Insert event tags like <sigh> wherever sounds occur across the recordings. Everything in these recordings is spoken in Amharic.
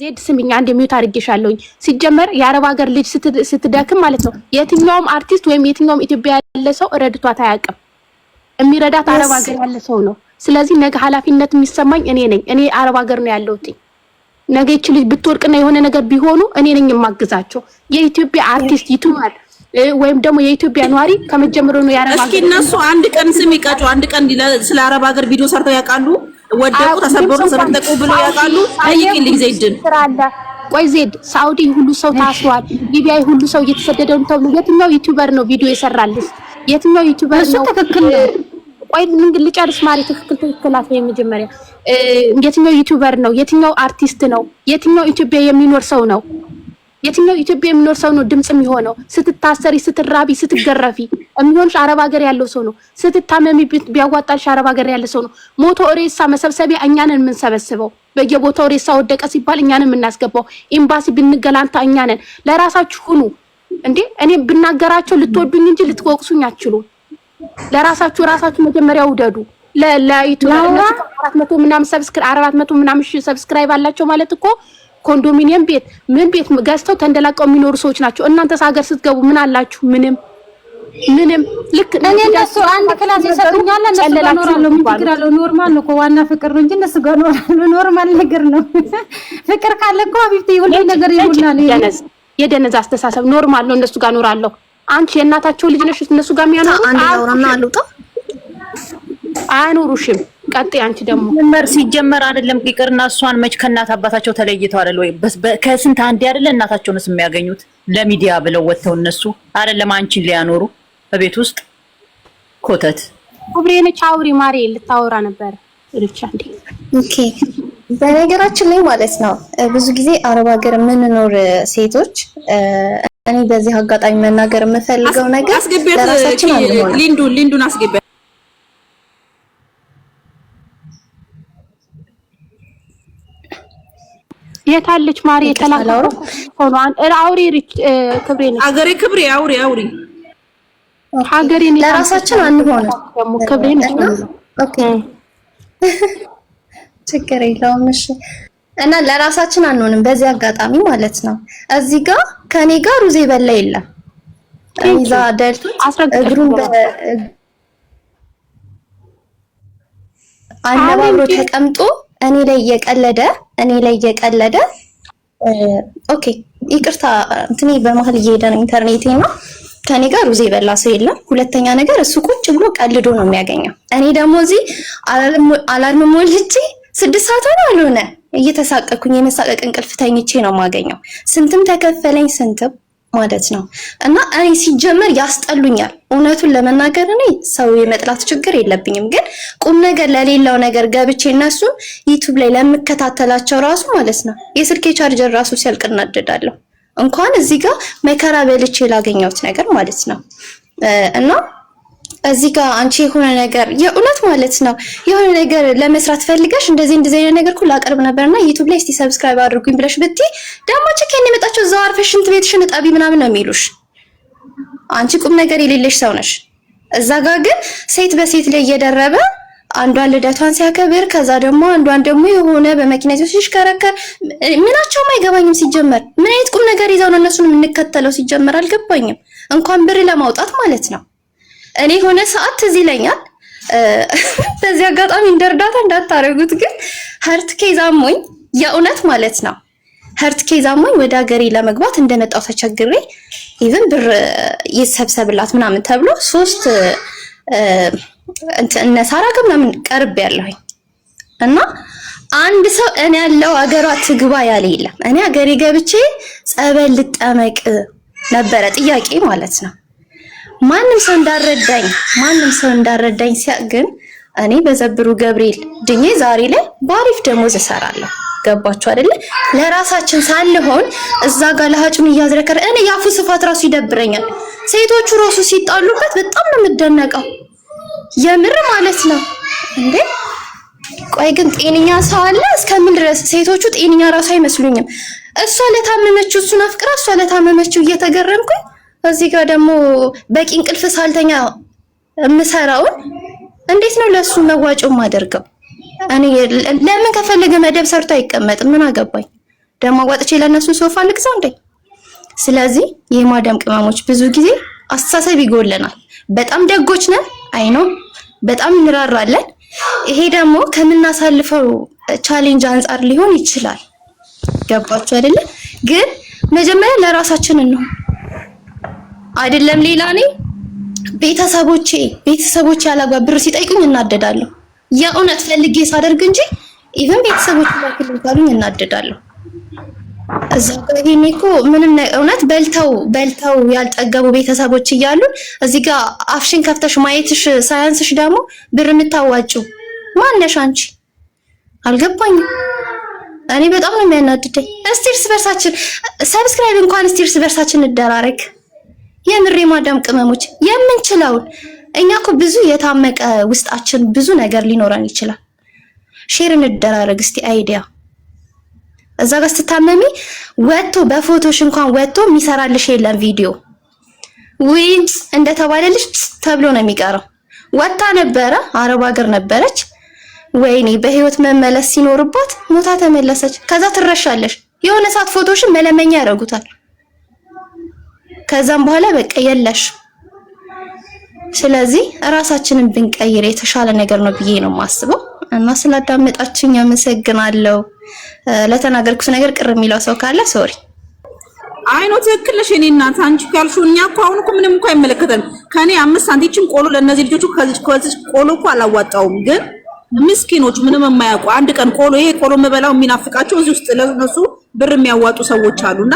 ዜድ ስምኝ አንድ የሚዩት አድርጌሻለሁኝ። ሲጀመር የአረብ ሀገር ልጅ ስትደክም ማለት ነው የትኛውም አርቲስት ወይም የትኛውም ኢትዮጵያ ያለ ሰው ረድቷት አያውቅም። የሚረዳት አረብ ሀገር ያለ ሰው ነው። ስለዚህ ነገ ኃላፊነት የሚሰማኝ እኔ ነኝ። እኔ አረብ ሀገር ነው ያለሁት። ነገ ይቺ ልጅ ብትወርቅና የሆነ ነገር ቢሆኑ እኔ ነኝ የማግዛቸው። የኢትዮጵያ አርቲስት ይቱማል ወይም ደግሞ የኢትዮጵያ ነዋሪ ከመጀመሩ ነው ያረባ። እስኪ እነሱ አንድ ቀን ስም ይቀጩ አንድ ቀን ስለ አረብ ሀገር ቪዲዮ ሰርተው ያውቃሉ? ወደቁ ተሰበሩ ተሰነጠቁ ብሎ ያውቃሉ? ጠይቅልኝ ዘይድን ቆይ ዜድ ሳውዲ ሁሉ ሰው ታስሯል፣ ሊቢያ ሁሉ ሰው እየተሰደደ ነው ተብሎ የትኛው ዩቲዩበር ነው ቪዲዮ የሰራልሽ? የትኛው ዩቲዩበር ነው? እሱ ትክክል። ቆይ ምን ግን ልጨርስ ማሪ። ትክክል ትክክል አትበይ። መጀመሪያ የትኛው ዩቲዩበር ነው? የትኛው አርቲስት ነው? የትኛው ኢትዮጵያ የሚኖር ሰው ነው? የትኛው ኢትዮጵያ የሚኖር ሰው ነው ድምፅ የሚሆነው? ስትታሰሪ፣ ስትራቢ፣ ስትገረፊ የሚሆንሽ አረብ ሀገር ያለው ሰው ነው። ስትታመሚ ቢያዋጣልሽ አረብ ሀገር ያለ ሰው ነው። ሞቶ ሬሳ መሰብሰቢያ እኛንን የምንሰበስበው በየቦታው ሬሳ ወደቀ ሲባል እኛንን የምናስገባው ኤምባሲ ብንገላንታ እኛንን። ለራሳችሁ ሁኑ እንዴ! እኔ ብናገራቸው ልትወዱኝ እንጂ ልትወቅሱኝ አችሉ። ለራሳችሁ ራሳችሁ መጀመሪያ ውደዱ። ለዩቱብ አራት መቶ ምናምን ሰብስክራይብ አራት መቶ ምናምን ሰብስክራይብ አላቸው ማለት እኮ ኮንዶሚኒየም ቤት ምን ቤት ገዝተው ተንደላቀው የሚኖሩ ሰዎች ናቸው። እናንተስ ሀገር ስትገቡ ምን አላችሁ? ምንም ምንም። ልክ እኔ እነሱ አንድ ክላስ ይሰጡኛል። እነሱ ጋር እኖራለሁ። ምን ችግር አለው? ኖርማል ነው እኮ ዋና ፍቅር ነው እንጂ እነሱ ጋር እኖራለሁ። ኖርማል ነገር ነው። <laughs> ፍቅር ካለ እኮ ሀቢብቲ ሁሉ ነገር ይሆናል። የደነዝ አስተሳሰብ ኖርማል ነው። እነሱ ጋር እኖራለሁ። አንቺ የእናታቸው ልጅ ነሽ። እነሱ ጋር የሚያኖሩ አያኖሩሽም ቀጥ አንቺ ደግሞ መር ሲጀመር አይደለም ይቅርና እሷን መች ከእናት አባታቸው ተለይተው አይደል ወይ ከስንት አንድ አይደለ እናታቸውንስ የሚያገኙት ለሚዲያ ብለው ወጥተው እነሱ አይደለም አንቺን ሊያኖሩ በቤት ውስጥ ኮተት ኩብሬነች። አውሪ ማሬ ልታወራ ነበር ልቻ እንዴ። ኦኬ በነገራችን ላይ ማለት ነው ብዙ ጊዜ አረብ ሀገር የምንኖር ሴቶች እኔ በዚህ አጋጣሚ መናገር የምፈልገው ነገር ለራሳችን አንሆነ ሊንዱን ሊንዱን አስገቢያ የታለች ማሪ የተላከው ሆኗን አውሪ ክብሬ ነች አገሬ ክብሬ አውሪ አውሪ ሀገሬ ለራሳችን አንሆነ ደሞ ክብሬ ነች። ኦኬ ችግር የለውም እሺ። እና ለራሳችን አንሆንም በዚህ አጋጣሚ ማለት ነው። እዚህ ጋር ከኔ ጋር ሩዜ በላ የለም እዛ ደልቶ እግሩን አነባብሮ ተቀምጦ እኔ ላይ እየቀለደ እኔ ላይ እየቀለደ ኦኬ፣ ይቅርታ እንትኔ በመሀል እየሄደ ነው ኢንተርኔቴ ነው። ከኔ ጋር ሩዝ የበላ ሰው የለም። ሁለተኛ ነገር እሱ ቁጭ ብሎ ቀልዶ ነው የሚያገኘው። እኔ ደግሞ እዚህ አላርም ሞልቼ ስድስት ሰዓት ሆነ አልሆነ እየተሳቀኩኝ የመሳቀቅ እንቅልፍ ተኝቼ ነው የማገኘው። ስንትም ተከፈለኝ ስንትም ማለት ነው። እና እኔ ሲጀመር ያስጠሉኛል። እውነቱን ለመናገር እኔ ሰው የመጥላት ችግር የለብኝም፣ ግን ቁም ነገር ለሌላው ነገር ገብቼ እነሱ ዩቱብ ላይ ለምከታተላቸው ራሱ ማለት ነው የስልኬ ቻርጀር ራሱ ሲያልቅ እናደዳለሁ። እንኳን እዚህ ጋር መከራ በልቼ ላገኘሁት ነገር ማለት ነው እና እዚህ ጋር አንቺ የሆነ ነገር የእውነት ማለት ነው የሆነ ነገር ለመስራት ፈልገሽ እንደዚህ እንደዚህ አይነት ነገር ሁሉ አቀርብ ነበርና ዩቲዩብ ላይ እስቲ ሰብስክራይብ አድርጉኝ ብለሽ ብቲ ደግሞ ቼክ የመጣቸው እዛው አርፈሽ ሽንት ቤትሽን እጠቢ ምናምን ነው የሚሉሽ። አንቺ ቁም ነገር የሌለሽ ሰው ነሽ። እዛ ጋር ግን ሴት በሴት ላይ እየደረበ አንዷን ልደቷን ሲያከብር፣ ከዛ ደግሞ አንዷን ደግሞ የሆነ በመኪና ይዞ ሲሽከረከር ምናቸውም አይገባኝም። ሲጀመር ምን አይነት ቁም ነገር ይዘው ነው እነሱን የምንከተለው? ሲጀመር አልገባኝም። እንኳን ብር ለማውጣት ማለት ነው እኔ የሆነ ሰዓት ትዝ ይለኛል። በዚህ አጋጣሚ እንደ እርዳታ እንዳታደርጉት ግን ሀርት ኬዝ አሞኝ የእውነት ማለት ነው። ሀርት ኬዝ አሞኝ ወደ ሀገሬ ለመግባት እንደመጣው ተቸግሬ ኢቭን ብር ይሰብሰብላት ምናምን ተብሎ ሶስት እነ ሳራ ጋር ምናምን ቀርብ ያለሁኝ እና አንድ ሰው እኔ ያለው ሀገሯ ትግባ ያለ የለም። እኔ ሀገሬ ገብቼ ጸበል ልጠመቅ ነበረ ጥያቄ ማለት ነው። ማንም ሰው እንዳረዳኝ ማንም ሰው እንዳረዳኝ ሲያቅ ግን እኔ በዘብሩ ገብርኤል ድኜ ዛሬ ላይ በአሪፍ ደሞዝ እሰራለሁ። ገባችሁ አይደለ? ለራሳችን ሳልሆን እዛ ጋር ለሀጩን እያዝረከረ እኔ የአፉ ስፋት ራሱ ይደብረኛል። ሴቶቹ ራሱ ሲጣሉበት በጣም ነው የምደነቀው። የምር ማለት ነው እንዴ። ቆይ ግን ጤንኛ ሰው አለ? እስከምን ድረስ ሴቶቹ ጤንኛ ራሱ አይመስሉኝም። እሷ ለታመመችው እሱን አፍቅራ እሷ ለታመመችው እየተገረምኩኝ እዚህ ጋር ደግሞ በቂ እንቅልፍ ሳልተኛ የምሰራውን እንዴት ነው ለሱ መዋጮ ማደርገው? እኔ ለምን ከፈለገ መደብ ሰርቶ አይቀመጥም? ምን አገባኝ ደግሞ አዋጥቼ ለእነሱ ሶፋ ልግዛው እንዴ? ስለዚህ የማዳም ቅመሞች ብዙ ጊዜ አስተሳሰብ ይጎለናል። በጣም ደጎች ነን፣ አይኖ በጣም እንራራለን። ይሄ ደግሞ ከምናሳልፈው ቻሌንጅ አንጻር ሊሆን ይችላል። ገባችሁ አይደለ? ግን መጀመሪያ ለራሳችን ነው አይደለም ሌላ እኔ ቤተሰቦቼ ቤተሰቦቼ ያላጓ ብር ሲጠይቁኝ እናደዳለሁ። የእውነት ፈልጌ ሳደርግ እንጂ ኢቨን ቤተሰቦቼ ባክልኝ ካሉኝ እናደዳለሁ። እዛ ጋር ይሄኔ እኮ ምንም እውነት በልተው በልተው ያልጠገቡ ቤተሰቦች እያሉ እዚህ ጋር አፍሽን ከፍተሽ ማየትሽ ሳያንስሽ ደግሞ ብር የምታዋጪው ማነሽ አንቺ? አልገባኝም። እኔ በጣም ነው የሚያናድደኝ። እስቲ እርስ በርሳችን ሰብስክራይብ እንኳን እስቲ እርስ በርሳችን እንደራረግ። የምሬ ማዳም ቅመሞች የምንችለውን እኛ እኮ ብዙ የታመቀ ውስጣችን ብዙ ነገር ሊኖረን ይችላል። ሼር እንደራረግ እስቲ አይዲያ እዛ ጋር ስትታመሚ ወጥቶ በፎቶሽ እንኳን ወጥቶ የሚሰራልሽ የለም ቪዲዮ ውይ እንደተባለልሽ ተብሎ ነው የሚቀረው። ወጣ ነበረ አረብ ሀገር ነበረች። ወይኔ በህይወት መመለስ ሲኖርባት ሞታ ተመለሰች። ከዛ ትረሻለሽ። የሆነ ሰዓት ፎቶሽን መለመኛ ያደርጉታል። ከዛም በኋላ በቃ የለሽ። ስለዚህ እራሳችንን ብንቀይር የተሻለ ነገር ነው ብዬ ነው የማስበው። እና ስላዳመጣችሁኝ አመሰግናለሁ። ለተናገርኩት ነገር ቅር የሚለው ሰው ካለ ሶሪ። አይ ነው ትክክል ነሽ። እኔ እናት አንቺ ካልሽው እኛ እኮ አሁን እኮ ምንም እኮ አይመለከተን። ከኔ አምስት ሳንቲችን ቆሎ ለእነዚህ ልጆቹ ከዚህ ከዚህ ቆሎ እኮ አላዋጣውም። ግን ምስኪኖች ምንም የማያውቁ አንድ ቀን ቆሎ ይሄ ቆሎ የምበላው የሚናፍቃቸው እዚህ ውስጥ ለነሱ ብር የሚያዋጡ ሰዎች አሉና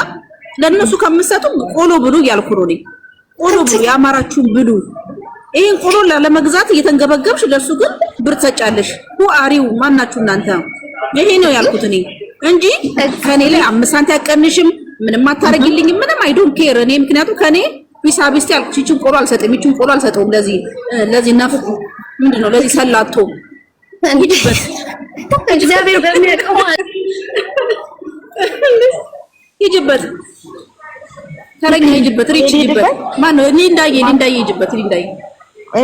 ለነሱ ከምሰጡ ቆሎ ብሉ እያልኩ ነው ቆሎ ብሉ፣ የአማራችሁን ብሉ። ይህን ቆሎ ለመግዛት እየተንገበገብሽ ለእሱ ግን ብር ትሰጫለሽ። ሁ አሪው ማናችሁ እናንተ ይሄ ነው ያልኩት እኔ እንጂ ከኔ ላይ አምስት ሳንቲም ያቀንሽም ምንም አታደርጊልኝም። ምንም አይ ዶንት ኬር እኔ ምክንያቱም ከኔ ሂሳብ እስቲ ያልኩሽ ይችን ቆሎ አልሰጥም፣ ይችን ቆሎ አልሰጠውም። ለዚህ ለዚህ ናፍቁ ምንድን ነው ለዚህ ሰላቶ እንግዲህ እግዚአብሔር በሚያውቀው ሂጅበት፣ ተረኛ ሂጅበት፣ ሪች ሂጅበት። ማን ነው ሊንዳዬ? ሊንዳዬ ሂጅበት፣ ሊንዳዬ።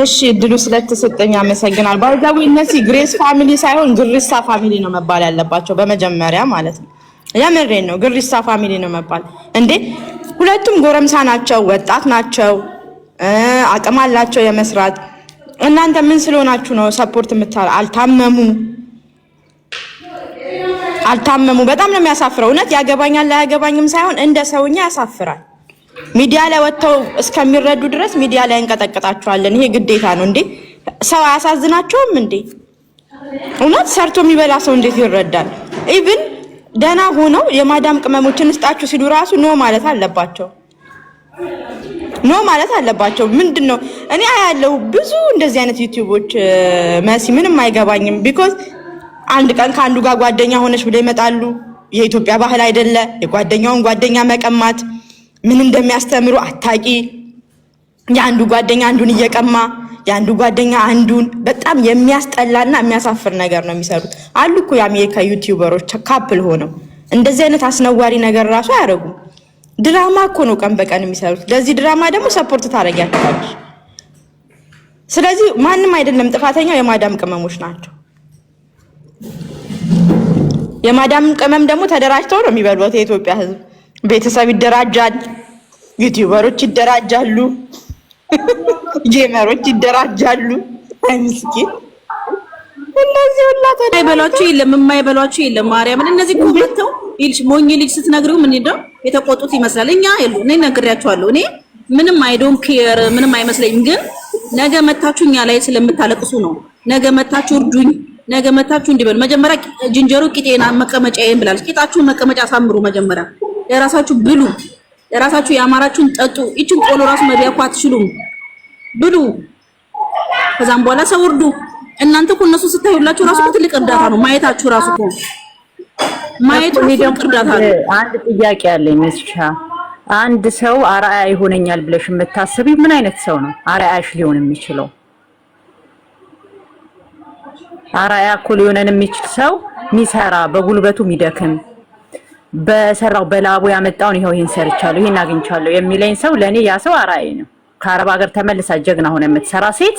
እሺ እድሉ ስለተሰጠኝ አመሰግናል። ባይዛዊ እነዚህ ግሬስ ፋሚሊ ሳይሆን ግሪሳ ፋሚሊ ነው መባል ያለባቸው በመጀመሪያ ማለት ነው። የምሬን ነው፣ ግሪሳ ፋሚሊ ነው መባል እንዴ። ሁለቱም ጎረምሳ ናቸው፣ ወጣት ናቸው፣ አቅም አላቸው የመስራት። እናንተ ምን ስለሆናችሁ ነው ሰፖርት የምታል? አልታመሙ አልታመሙ። በጣም ነው የሚያሳፍረው። እውነት ያገባኛል ያገባኝም ሳይሆን እንደ ሰውኛ ያሳፍራል። ሚዲያ ላይ ወጥተው እስከሚረዱ ድረስ ሚዲያ ላይ እንቀጠቅጣቸዋለን። ይሄ ግዴታ ነው እንዴ? ሰው አያሳዝናቸውም እንዴ? እውነት ሰርቶ የሚበላ ሰው እንዴት ይረዳል? ኢቭን ደህና ሆነው የማዳም ቅመሞችን እስጣችሁ ሲሉ ራሱ ኖ ማለት አለባቸው። ኖ ማለት አለባቸው። ምንድን ነው እኔ ያለው ብዙ እንደዚህ አይነት ዩቲዩቦች መሲ ምንም አይገባኝም ቢኮዝ አንድ ቀን ከአንዱ ጋር ጓደኛ ሆነች ብለው ይመጣሉ። የኢትዮጵያ ባህል አይደለ? የጓደኛውን ጓደኛ መቀማት ምን እንደሚያስተምሩ አታቂ። የአንዱ ጓደኛ አንዱን እየቀማ የአንዱ ጓደኛ አንዱን በጣም የሚያስጠላና የሚያሳፍር ነገር ነው የሚሰሩት። አሉ እኮ የአሜሪካ ዩቲዩበሮች ካፕል ሆነው እንደዚህ አይነት አስነዋሪ ነገር ራሱ አያደርጉም። ድራማ እኮ ነው ቀን በቀን የሚሰሩት። ለዚህ ድራማ ደግሞ ሰፖርት ታደርጊያቸዋለሽ። ስለዚህ ማንም አይደለም ጥፋተኛው፣ የማዳም ቅመሞች ናቸው። የማዳም ቅመም ደግሞ ተደራጅተው ነው የሚበሉት። የኢትዮጵያ ህዝብ ቤተሰብ ይደራጃል፣ ዩቲዩበሮች ይደራጃሉ፣ ጌመሮች ይደራጃሉ። ምስኪን እነዚህ ሁላ የማይበሏቸው የለም፣ የማይበሏቸው የለም። ማርያምን እነዚህ እኮ ይልሽ ሞኝ ልጅ ስትነግሪው ምን እንደው የተቆጡት ይመስላል። እኛ የሉ እኔ ነግሬያቸዋለሁ። እኔ ምንም አይ ዶንት ኬር ምንም አይመስለኝም። ግን ነገ መታችሁ እኛ ላይ ስለምታለቅሱ ነው። ነገ መታችሁ እርዱኝ ነገ መታችሁ እንዲበሉ መጀመሪያ ጅንጀሮ ቂጤና ይሄን ብላለች። ቂጣችሁን መቀመጫ አሳምሩ። መጀመሪያ ለራሳችሁ ብሉ፣ ለራሳችሁ የአማራችሁን ጠጡ። ይችን ቆሎ ራሱ መብያ አትችሉም። ብሉ፣ ከዛም በኋላ ሰው እርዱ። እናንተ እኮ እነሱ ስታዩላችሁ ራሱ ትልቅ እርዳታ ነው። ማየታችሁ ራሱ እኮ ማየቱ እርዳታ ነው። አንድ ጥያቄ አለኝ መስሻ አንድ ሰው አርአያ ይሆነኛል ብለሽ የምታስቢ ምን አይነት ሰው ነው አርአያሽ ሊሆን የሚችለው? አራያ እኮ ሊሆነን የሚችል ሰው ሚሰራ በጉልበቱ ሚደክም በሰራው በላቡ ያመጣውን ይኸው ይህን ሰርቻለሁ ይህን አግኝቻለሁ የሚለኝ ሰው ለእኔ ያ ሰው አራዬ ነው። ከአረብ ሀገር ተመልሳ ጀግና ሆነ የምትሰራ ሴት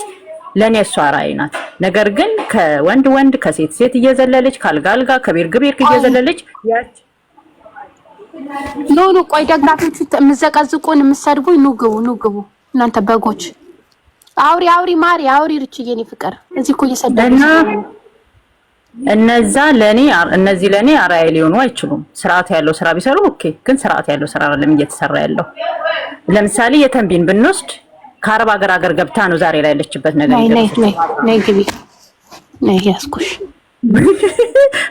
ለእኔ እሷ አራዬ ናት። ነገር ግን ከወንድ ወንድ ከሴት ሴት እየዘለለች ከአልጋ አልጋ ከቤርግ ቤርግ እየዘለለች ኖ ኖ ቆይ ደግናቶቹ የምዘቀዝቁን የምሰድቡኝ ኑ ግቡ ኑ ግቡ እናንተ በጎች አውሪ አውሪ ማሪ አውሪ ርችዬ እኔ ፍቅር እዚህ እኮ እየሰደደና እነዛ ለኔ እነዚህ ለኔ አራያ ሊሆኑ አይችሉም። ስርዓት ያለው ስራ ቢሰሩ ኦኬ፣ ግን ስርዓት ያለው ስራ አይደለም እየተሰራ ያለው። ለምሳሌ የተንቢን ብንወስድ ከአረብ ሀገር ሀገር ገብታ ነው ዛሬ ላይ ያለችበት ነገር። ነይ ነይ ግቢ ነይ ያስኩሽ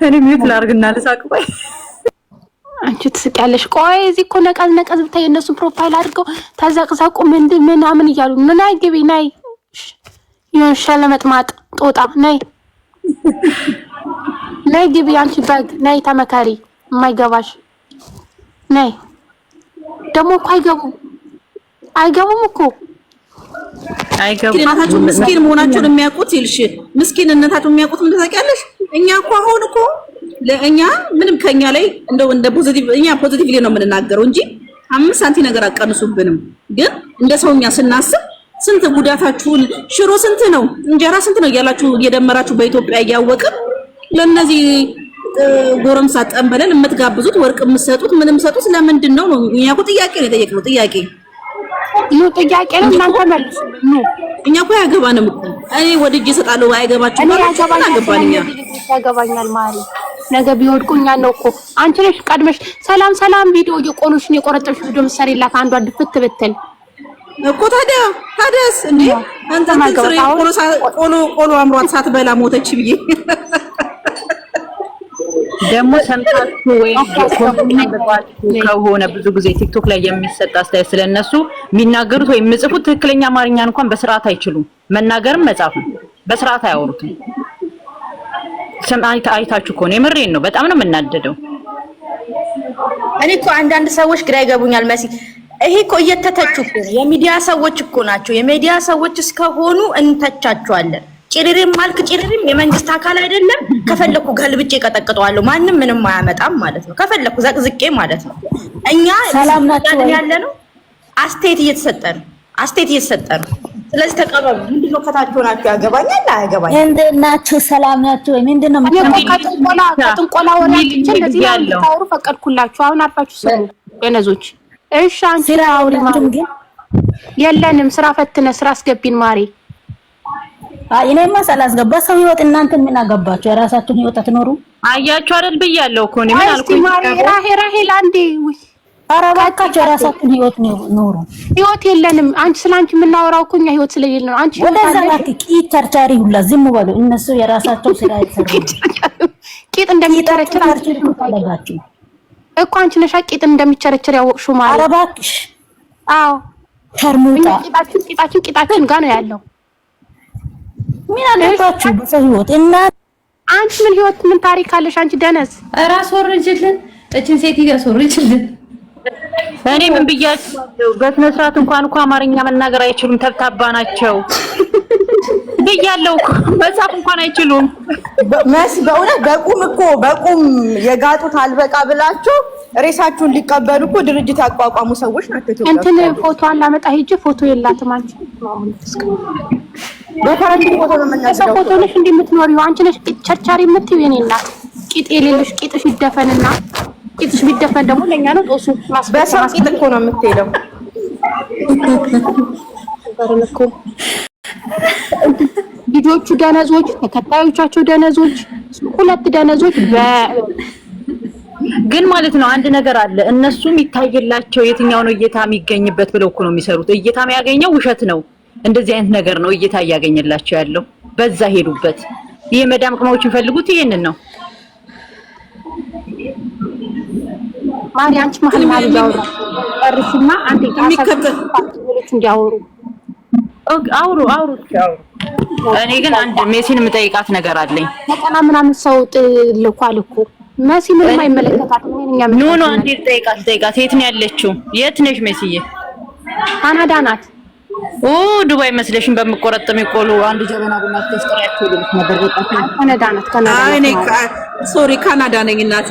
እኔ ሚት ላርግና ልሳቅባይ አንቺ ትስቂያለሽ። ቆይ እዚህ እኮ ነቀዝ ነቀዝ ብታይ የእነሱን ፕሮፋይል አድርገው ተዘቅዘቁ ምንድን ምናምን እያሉ ምን አይግቢ ናይ ይሁን ሸለመጥማጥ ጦጣ ናይ ናይ ግቢ አንቺ በግ ነይ ተመከሪ የማይገባሽ ናይ ደግሞ እኮ አይገቡም አይገቡም እኮ አይገቡም። ምስኪን መሆናቸውን የሚያውቁት ይልሽ ምስኪንነታቸውን የሚያውቁት ምን ታውቂያለሽ? እኛ እኮ አሁን እኮ ለእኛ ምንም ከኛ ላይ እንደው እንደ ፖዚቲቭ እኛ ፖዚቲቭ ፖዚቲቭሊ ነው የምንናገረው እንጂ አምስት ሳንቲ ነገር አቀንሱብንም። ግን እንደ ሰውኛ ስናስብ ስንት ጉዳታችሁን ሽሮ ስንት ነው እንጀራ ስንት ነው እያላችሁ እየደመራችሁ በኢትዮጵያ እያወቅን ለእነዚህ ጎረምሳ ጠንበለን የምትጋብዙት ወርቅ የምትሰጡት ምን የምትሰጡት ለምንድን ነው? እኛ እኮ ጥያቄ ነው የጠየቅነው። ጥያቄ ነው ጥያቄ ነው። እናንተ መልሱ። እኛ እኮ አያገባንም። እኔ ወድጄ እሰጣለሁ። አይገባችሁም ማለት ነው። አገባኛል ማለት ነገ ቢወድቁ እኛን ነው እኮ። አንቺ ነሽ ቀድመሽ ሰላም ሰላም ቪዲዮ እየቆኑሽን የቆረጠሽ ቪዲዮ ምሳሌ ላት አንዷ ድፍት ብትል እኮ ታዲያ ታዲያስ እንዴ አንተ ትንስሬ ቆሎ ቆሎ አምሯት ሳትበላ ሞተች ብዬ ደግሞ ሰምታችሁ ወይ ከሆነ ብዙ ጊዜ ቲክቶክ ላይ የሚሰጥ አስተያየት ስለነሱ የሚናገሩት ወይም የሚጽፉት ትክክለኛ አማርኛ እንኳን በስርዓት አይችሉም። መናገርም መጻፍም በስርዓት አያወሩትም። አይታችሁ ከሆነ የምሬን ነው። በጣም ነው የምናደደው። እኔ እኮ አንዳንድ ሰዎች ግራ ይገቡኛል መሲ ይሄ እኮ እየተተቹ እኮ የሚዲያ ሰዎች እኮ ናቸው። የሚዲያ ሰዎች እስከሆኑ እንተቻቸዋለን። ጭሪሪም ማልክ ጭሪሪም የመንግስት አካል አይደለም። ከፈለኩ ገልብጬ ቀጠቅጠዋለሁ። ማንም ምንም አያመጣም ማለት ነው። ከፈለኩ ዘቅዝቄ ማለት ነው። እኛ ሰላም ያለ ነው። አስቴት እየተሰጠ ነው። አስቴት እየተሰጠ ነው። ስለዚህ ተቀበሉ። ምንድን ነው ከታችሁ ያገባኛል አያገባኝ? ምንድን ሰላም ናችሁ ወይ? ምንድን ነው ከጥንቆላ ወሬያችሁ እንደዚህ ታወሩ? ፈቀድኩላችሁ። አሁን አርፋችሁ ስሩ ገነዞች። እሺ አንቺ የለንም ስራ ፈትነ ስራ አስገቢን ማሬ። እኔማ ሳላስገባ ሰው ህይወት እናንተ ምን አገባችሁ? የራሳችሁን ህይወት አትኖሩ። አያችሁ አይደል ብያለሁ እኮ እኔ ምን አልኩኝ? ራሄ ራሄ ላንዴ አረባካቸው የራሳችን ህይወት ኖሩ። ህይወት የለንም። አንቺ ስለ አንቺ የምናወራው እኮ እኛ ህይወት ስለሌለ ነው። አንቺ ወደዛ ቂጥ ቸርቻሪ ሁላ ዝም በሉ። እነሱ የራሳቸው ስራ ይሰሩ። ቂጥ እንደሚጨረጭር አልፈለጋችሁ እኮ አንቺ ነሻ ቂጥን እንደሚቸረችር ያወቅሽው ማለት አረባክሽ አዎ፣ ከርሙጣ ቂጣችን ቂጣችን ቂጣችን ነው ያለው። ምን አለባችሁ በሰው ህይወት እና አንቺ ምን ህይወት ምን ታሪክ አለሽ አንቺ ደነዝ? ራስ ወርጅልን እችን ሴት ይገሶርጅልን እኔ ምን ብያችሁ በስነ ስርዓት እንኳን እኮ አማርኛ መናገር አይችሉም፣ ተብታባ ናቸው ብያለሁ መጻፍ እንኳን አይችሉም። መስ በእውነት በቁም እኮ በቁም የጋጡት አልበቃ ብላችሁ ሬሳችሁን ሊቀበሉ እኮ ድርጅት ያቋቋሙ ሰዎች ናቸው። እንትን ፎቶ አላመጣ ሄጄ ፎቶ የላትም አንቺ በፈረንጅ ፎቶ ነው የምናስገው። ፎቶ ነሽ አንቺ ነሽ ቸርቻሪ የምትይው የኔ እናት ቂጥ የሌለሽ ቂጥሽ ይደፈንና ቂጥሽ ቢደፈን ደግሞ ለእኛ ነው ጦሱ። በሰው ቂጥ እኮ ነው የምትሄደው። ልጆቹ ደነዞች፣ ተከታዮቻቸው ደነዞች፣ ሁለት ደነዞች ግን ማለት ነው አንድ ነገር አለ። እነሱም ይታይላቸው የትኛው ነው እይታ የሚገኝበት ብለው እኮ ነው የሚሰሩት። እይታ ያገኘው ውሸት ነው። እንደዚህ አይነት ነገር ነው እይታ እያገኘላቸው ያለው። በዛ ሄዱበት። ይሄ መዳም ቅመሞችን ፈልጉት። ይሄንን ነው ማሪ አንቺ መሀል ማሪ ያወሩ ጨርሽና አንዴ እንዲያወሩ አውሩ አውሩ። እኔ ግን አንድ ሜሲን የምጠይቃት ነገር አለኝ። ዘጠና ምናምን ሰው ልኳል እኮ መሲ ምንም አይመለከታትም። ኖ ኖ አንዴ ልጠይቃት ልጠይቃት። የት ነው ያለችው? የት ነሽ ካናዳ ናት። ኦ ዱባይ መስለሽን በምቆረጥም ይቆሉ አንድ ጀበና ቡና ተስተራችሁ ልልሽ ነበር። ካናዳ ናት። ካናዳ አይ ሶሪ፣ ካናዳ ነኝ እናቴ